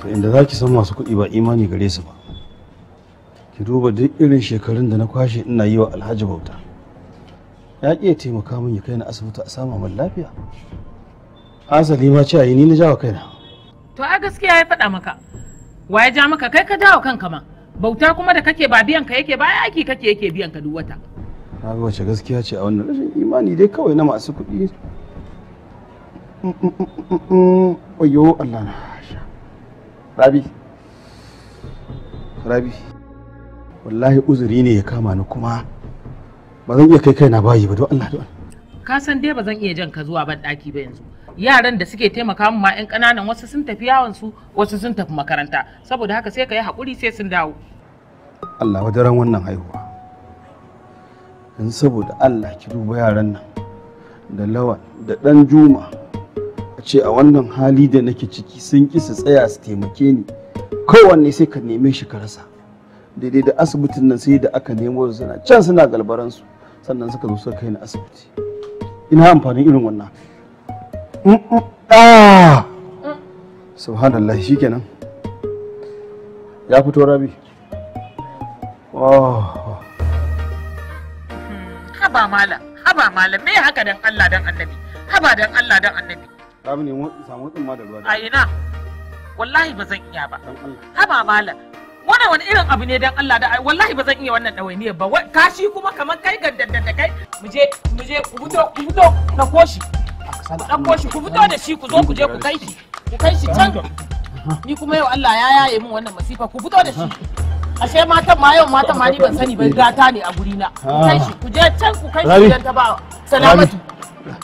inda za san masu kuɗi ba imani gare su ba ki duba duk irin shekarun da na kwashe ina yi wa alhaji bauta ya ƙi ya taimaka min ya kai na asibiti a samu mun lafiya asali ma ce yi ni na jawa kaina to a gaskiya ya faɗa maka wa ya ja maka kai ka jawo kanka ma bauta kuma da kake ba biyan ka yake ba aiki kake yake biyan ka duk wata na ga wace gaskiya ce a wannan rashin imani dai kawai na masu kuɗi oyo Allah na rabi rabi wallahi uzuri ne ya kama ni kuma ba zan iya kai na bayi ba don Allah don ka san dai ba zan iya jan ka zuwa ban daki ba yanzu yaran da suke taimaka min ma yan kananan wasu sun tafi yawon su wasu sun tafi makaranta saboda haka sai ka yi hakuri sai sun dawo Allah wadaran wannan haihuwa yanzu saboda Allah ki duba yaran nan da lawa da dan juma a ce a wannan hali da nake ciki sun ki su tsaya su taimake ni kowanne sai ka neme shi ka rasa daidai da asibitin nan sai da aka nemo su can suna galbaransu sannan suka zo suka kai ni asibiti ina amfanin irin wannan mm, mm, ah! subhanallah kenan ya fito rabi oh. haba malam haba mala me haka dan Allah dan annabi haba dan Allah dan annabi rabi ne samu tsin ma da ruwa a ina wallahi ba zan iya ba haba malam wannan wani irin abu ne dan Allah da wallahi ba zan iya wannan ɗawainiyar ba kashi kuma kamar kai ga da kai mu je mu je ku fito ku fito na koshi dan koshi ku fito da shi ku zo ku je ku kai shi ku kai shi can ni kuma yau Allah ya yaye min wannan masifa ku fito da shi ashe matan ma yau matan ma ni ban sani ba gata ne a guri na ah. kai shi ku je can ku kai shi dan ta ba salamatu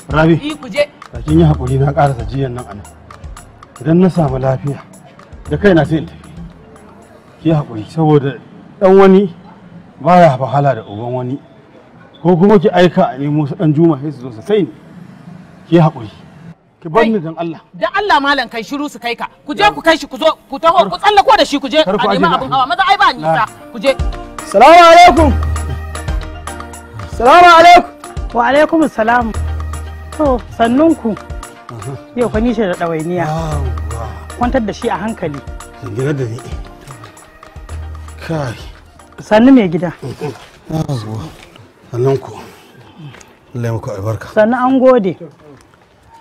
rabi i ku je kin yi hakuri na karasa jiyan nan anan idan na samu lafiya da kaina sai in tafi ki haƙuri saboda ɗan wani baya wahala da uban wani ko kuma ki aika a nemo su ɗan juma sai su zo su kai ni ki haƙuri ki bar ni dan Allah dan Allah malam kai shiru su kai ka ku je ku kai shi ku zo ku taho ku tsallako da shi ku je a nemi abin hawa maza ai ba nisa ku je salamu alaikum salamu alaikum wa alaikum salam to sannunku yau fa nishe da ɗawainiya kwantar da shi a hankali zingira da ni kai sannu mai gida sannan ku Allah muku albarka sannu an gode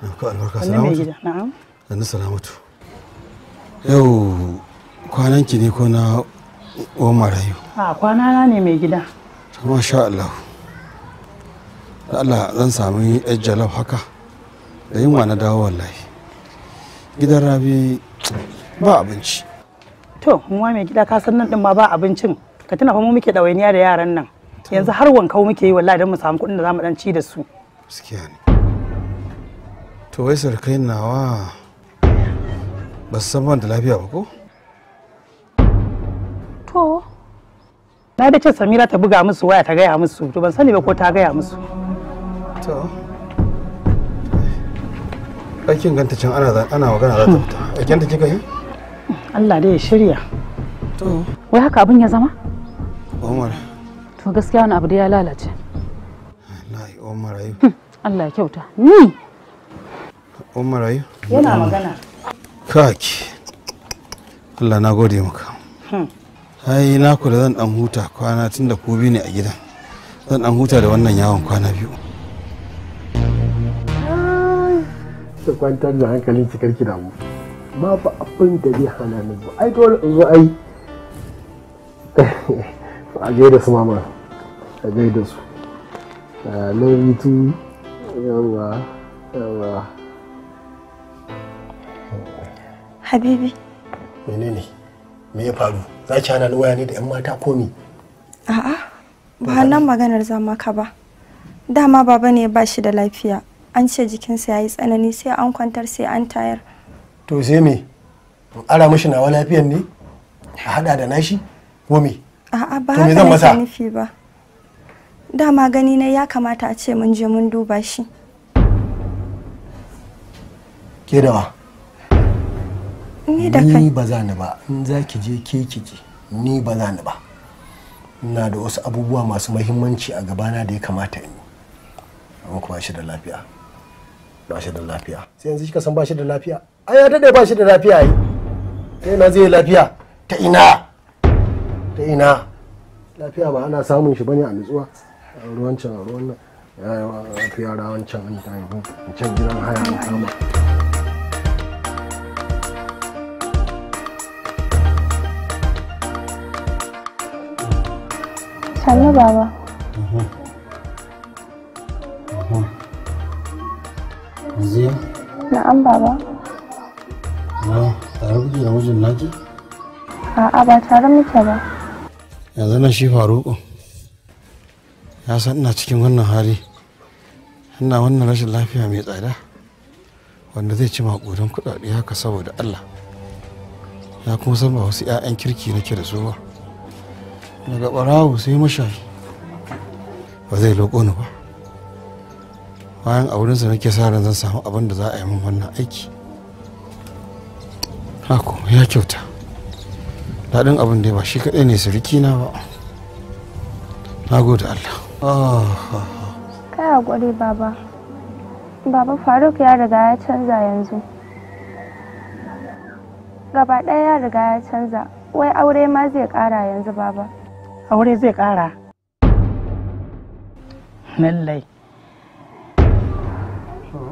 muku albarka salamatu sannu salamatu yau kwananki ne ko na omar marayu a kwanana ne mai gida masha Allah Allah zan sami yan haka da yin wa na dawo wallahi gidan rabi ba abinci to mu mai gida ka san nan din ma ba abincin ka tuna fa mu muke ɗawainiya da yaran nan yanzu har wankau muke yi wallahi dan mu samu kuɗin da zamu dan ci da su gaskiya ne to wai sarkai nawa ba san ban da lafiya ba ko to na da ce samira ta buga musu waya ta gaya musu to ban sani ba ko ta gaya musu to aikin ganta can ana magana za ta fita aikin ta kika yi Allah dai ya shirya to wai haka abin ya zama Umar to gaskiya wani abu da ya lalace wallahi Umar ayu hm, Allah ya kyauta ni Umar ayu yana magana kaki Allah na gode maka hm. ai na da zan dan huta kwana tunda ku bi ne a gidan zan dan huta da wannan yawon kwana biyu ta kwantar da hankalin ki da mu. ma fa abin da zai hana ni ba ai dole in zo ai a da su mama a da su na ritu yawa yawa habibi menene me ya faru za ki hana ni waya ne da yan mata ko ni a'a ba nan maganar zama ka ba dama baba ne ba shi da lafiya an ce jikinsa ya yi tsanani sai an kwantar sai an tayar to sai me in ara mishi nawa lafiyan ne a hada da nashi ko me a'a ba haka nake nufi ba dama gani na ya kamata a ce mun je mun duba shi ke dawa ni da kai ni ba za ni ba in za ki je ke ki je ni ba za ni ba ina da wasu abubuwa masu mahimmanci a gabana da ya kamata in yi amma kuma shi da lafiya ba shi da lafiya sai yanzu kika san ba shi da lafiya ai ya dade ba shi da lafiya yi ta ina zai lafiya ta ina ta ina lafiya ba ana samun shi bane a nutsuwa ruwan can ruwan nan ya yi lafiya rawan can an ta yi can gidan haya na kama sannu baba Na'am baba. na tare kuke da mijin naki a'a ba tare muke ba yanzu na shi faruƙu. ya san ina cikin wannan hali ina wannan rashin lafiya mai tsada wanda zai ci maƙudan kuɗaɗe haka saboda allah ya kuma san ba wasu 'ya'yan kirki nake da su ba daga ɓarawo sai mashayi ba zai loko ni ba bayan a wurinsa nake sa ran zan samu abin da za a yi min wannan aiki Hako ya kyauta. Daɗin abin da ba shi kaɗai ne sarki na ba. Na gode Allah. Ah. Kaya hakuri baba. Baba Faruk ya riga ya canza yanzu. Gaba ɗaya ya riga ya canza. Wai aure ma zai ƙara yanzu baba. Aure zai ƙara. Lallai.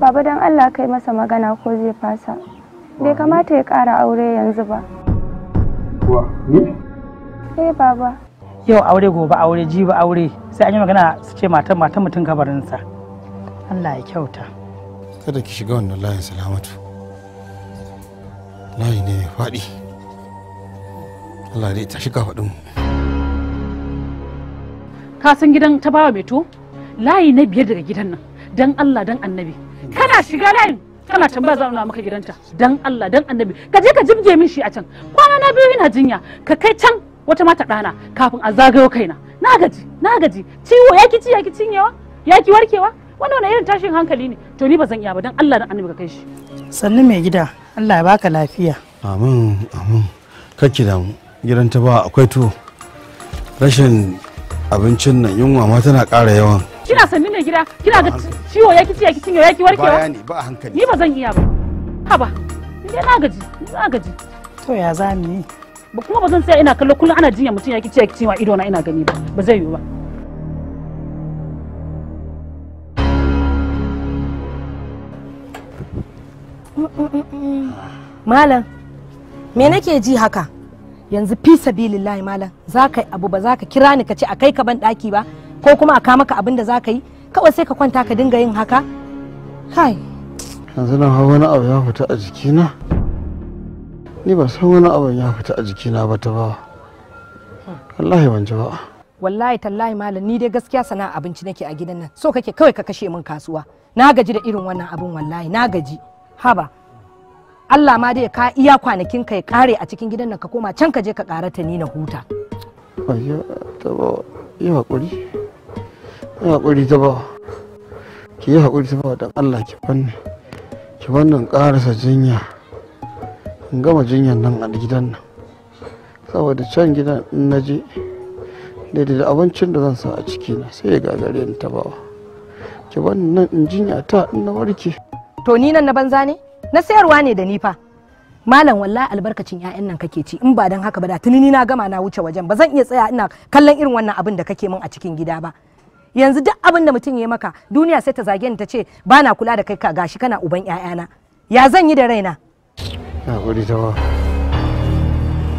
Baba don Allah kai masa magana ko zai fasa. bai kamata ya ƙara aure yanzu ba. Wa, ni? Eh, baba. Yau aure gobe aure jibi aure sai an yi magana su ce matan matan mutum kabarinsa. Allah ya kyauta. Kada ki shiga wannan layin salamatu. Layi ne mai faɗi. Allah dai ta shiga faɗin mu. Ka san gidan ta bawa mai to? Layi na biyar daga gidan nan. Dan Allah dan annabi. Kana shiga layin. kana tambaya za a maka gidanta dan Allah dan annabi ka je ka jibge min shi a can kwana na biyu ina jinya ka kai can wata mata ɗana kafin a zagayo kaina na gaji na gaji ciwo ya ki ci ya ki cinyewa ya ki warkewa wannan wani irin tashin hankali ne to ni ba zan iya ba dan Allah dan annabi ka kai shi sannu mai gida Allah ya baka lafiya amin amin kakki da mu gidan ba akwai tuwo rashin abincin nan yunwa ma tana ƙara yawan kina sanni ne gida kina ga ciwo ya kici ya kici ya ki warkewa bayani ba hankali ni ba zan iya ba haba ni dai na gaji na gaji to ya za ba kuma ba zan tsaya ina kallo kullum ana jinya mutum ya kici ya kici wa ido na ina gani ba ba zai yiwu ba malam me nake ji haka yanzu fi sabilillahi malam za ka abu ba za ka kira ni ka ce a kai ka ban daki ba ko kuma a ka maka abin da za ka yi kawai sai ka kwanta ka dinga yin haka kai yanzu nan hau wani abu ya fita a jikina ni ba san wani abu ya fita a jikina ba ta ba wallahi ban ji ba wallahi tallahi malam ni dai gaskiya sana abinci nake a gidan nan so kake kawai ka kashe min kasuwa na gaji da irin wannan abin wallahi na gaji haba Allah ma dai ka iya kwanakin ka ya kare a cikin gidan nan ka koma can ka je ka karata ni na huta ayya ta ba yi hakuri yi haƙuri ta bawa ki yi haƙuri ta bawa don allah ki banne ki wannan ƙarasa jinya in gama jinyan nan a gidan nan saboda can gidan in na je daidai da abincin da zan sa a ciki na sai ya gagare ni ta bawa ki nan in jinya ta in na warke to ni nan na banza ne na sayarwa ne da nifa. malam walla albarkacin ƴaƴan nan kake ci in ba don haka ba da tuni na gama na wuce wajen ba zan iya tsaya ina kallon irin wannan abin da kake min a cikin gida ba yanzu duk abin da mutum ya maka duniya sai ta zage ni ta ce ba na kula da kai ka gashi kana uban ƴaƴana ya zan yi da raina ya kuri ta ba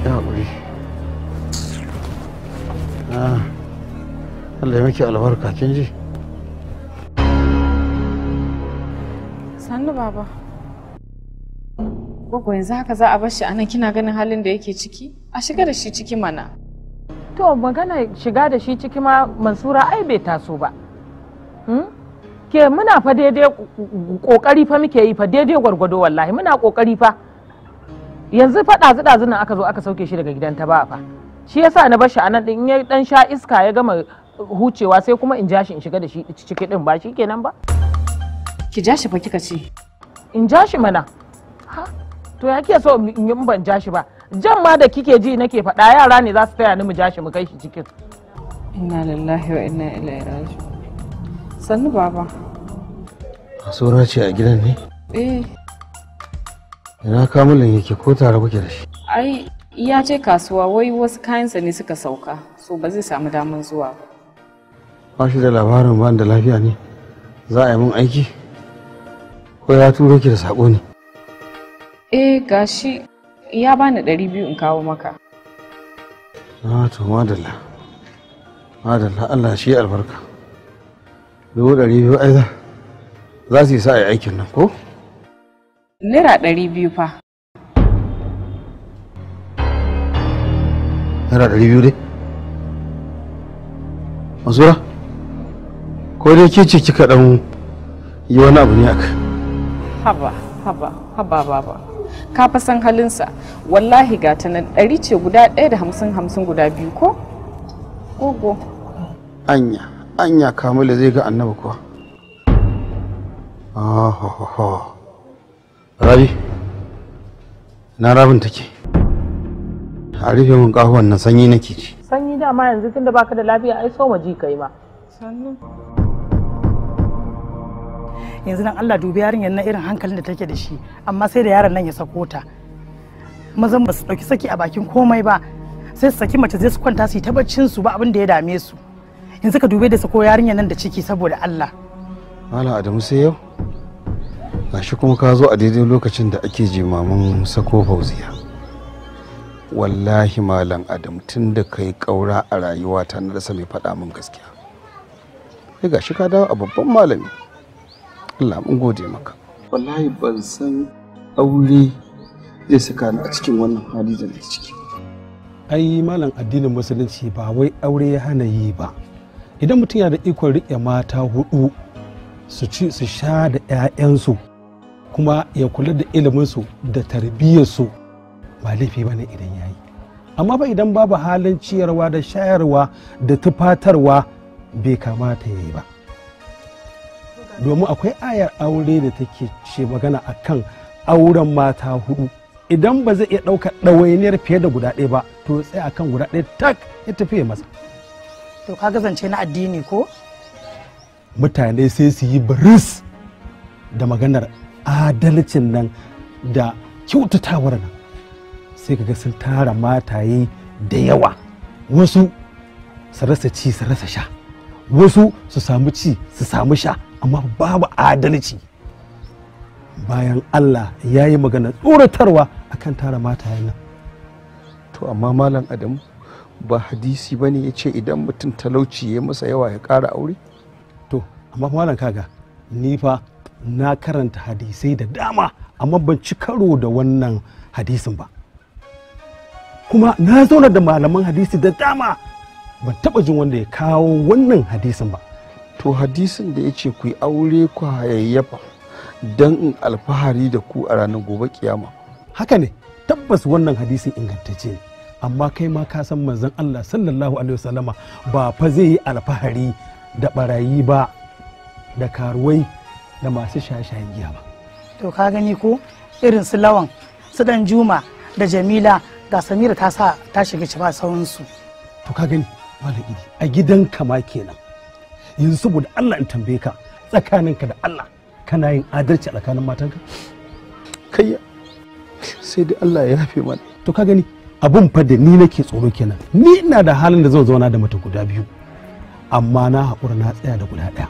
ya ah, Allah ya miki albarka kin ji sannu baba Gogo yanzu haka za a bar shi anan kina ganin halin da yake ciki a shiga da shi ciki mana to magana shiga da shi ciki ma mansura ai bai taso ba hmm? ke muna fa daidai kokari fa muke yi fa daidai gwargwado wallahi muna kokari fa yanzu fa ɗazu ɗazu nan aka zo aka sauke shi daga gidan ta ba fa shi yasa na bar shi a nan in ya dan sha iska ya gama hucewa sai kuma in ja shi in shiga da shi ciki din ba shi kenan ba ki ja shi fa kika ce in ja shi mana ha to ya ke so in ban ja shi ba jan ma da kike ji nake faɗa yara ne za su taya ni mu ja shi mu kai shi cikin inna lillahi wa inna ilaihi raji sannu baba a sora ce a gidan ne eh ina kamulin yake ko tare kuke da shi ai ya ce kasuwa wai wasu kayansa ne suka sauka so ba zai samu damar zuwa ba shi da labarin ba da lafiya ne za a yi mun aiki ko ya turo ki da sako ne eh gashi ya bani ɗari biyu in kawo maka Na ah, to madalla madalla Allah shi albarka dubu ɗari biyu aiza za su yi sa a yi aikin nan ko naira ɗari biyu fa naira ɗari biyu dai masura ko dai ke ce kika ɗan yi wani abu ne aka haba haba haba baba ka fa san halinsa wallahi ga ta nan ɗari ce guda ɗaya da hamsin hamsin guda biyu ko gogo anya anya kamila zai ga annabi kuwa ah, rabi na rabin take a rufe mun kahuwan nan sanyi nake ci sanyi dama yanzu tunda baka da lafiya ai so ma ji kai ma sannu yanzu nan Allah dubi yarinyar na irin hankalin da take da shi amma sai da yaron nan ya sako ta mazan ba su dauki saki a bakin komai ba sai su saki mace zai su kwanta su yi ta su ba abin da ya dame su yanzu ka dube da sako yarinyar nan da ciki saboda Allah Mala Adamu sai yau gashi kuma ka zo a daidai lokacin da ake jimamin sako fauziya wallahi malam adam tun da kai kaura a rayuwa ta na rasa mai faɗa min gaskiya sai gashi ka dawo a babban malami Allah mun gode maka wallahi ban san aure zai saka ni a cikin wannan hali da nake ciki ai malam addinin musulunci ba wai aure ya hana yi ba idan mutum yana da ikon riƙe mata hudu su ci su sha da 'ya'yansu kuma ya kula da iliminsu da tarbiyyarsu ba laifi ba idan ya yi amma ba idan babu halin ciyarwa da shayarwa da tufatarwa bai kamata ya yi ba domin akwai ayar aure da take ce magana akan auren mata hudu idan ba zai iya ɗauka ɗawainiyar fiye da guda ɗaya ba to tsaye kan guda ɗaya tak ya tafiye masa to ka gazance na addini ko mutane sai su yi baris da maganar adalcin nan da kyautatawar nan sai kaga sun tara mataye da yawa wasu su rasa ci su rasa sha wasu su samu ci su samu sha amma babu adalci bayan Allah ya yi magana tsoratarwa kan tara mata nan to amma malam adamu ba hadisi ba ne ya ce idan mutum talauci ya masa yawa ya ƙara aure to amma malam kaga ni fa na karanta hadisai da dama amma ban ci karo da wannan hadisin ba kuma na zauna da malaman hadisi da dama ban taba jin wanda ya kawo wannan hadisin ba to hadisin da ya ce ku yi aure ku hayayyafa don in alfahari da ku a ranar gobe kiyama haka ne tabbas wannan hadisin ingantacce ne amma kai ma ka san manzon Allah sallallahu alaihi wasallama ba fa zai yi alfahari da barayi ba da karuwai da masu shaye-shayen giya ba to ka gani ko irin su lawan su dan juma da jamila ga samira ta sa ta shiga ci ba sauransu to ka gani malam a gidan ma kenan yanzu saboda Allah in tambaye ka tsakaninka da Allah kana yin adalci a tsakanin matanka kayya sai dai Allah ya yafe mana to ka gani Abun fa da ni nake tsoro kenan ni ina da halin da zan zauna da mata guda biyu amma na haƙura na tsaya da guda ɗaya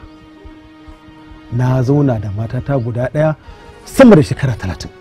na zauna da matata guda ɗaya sama da shekara talatin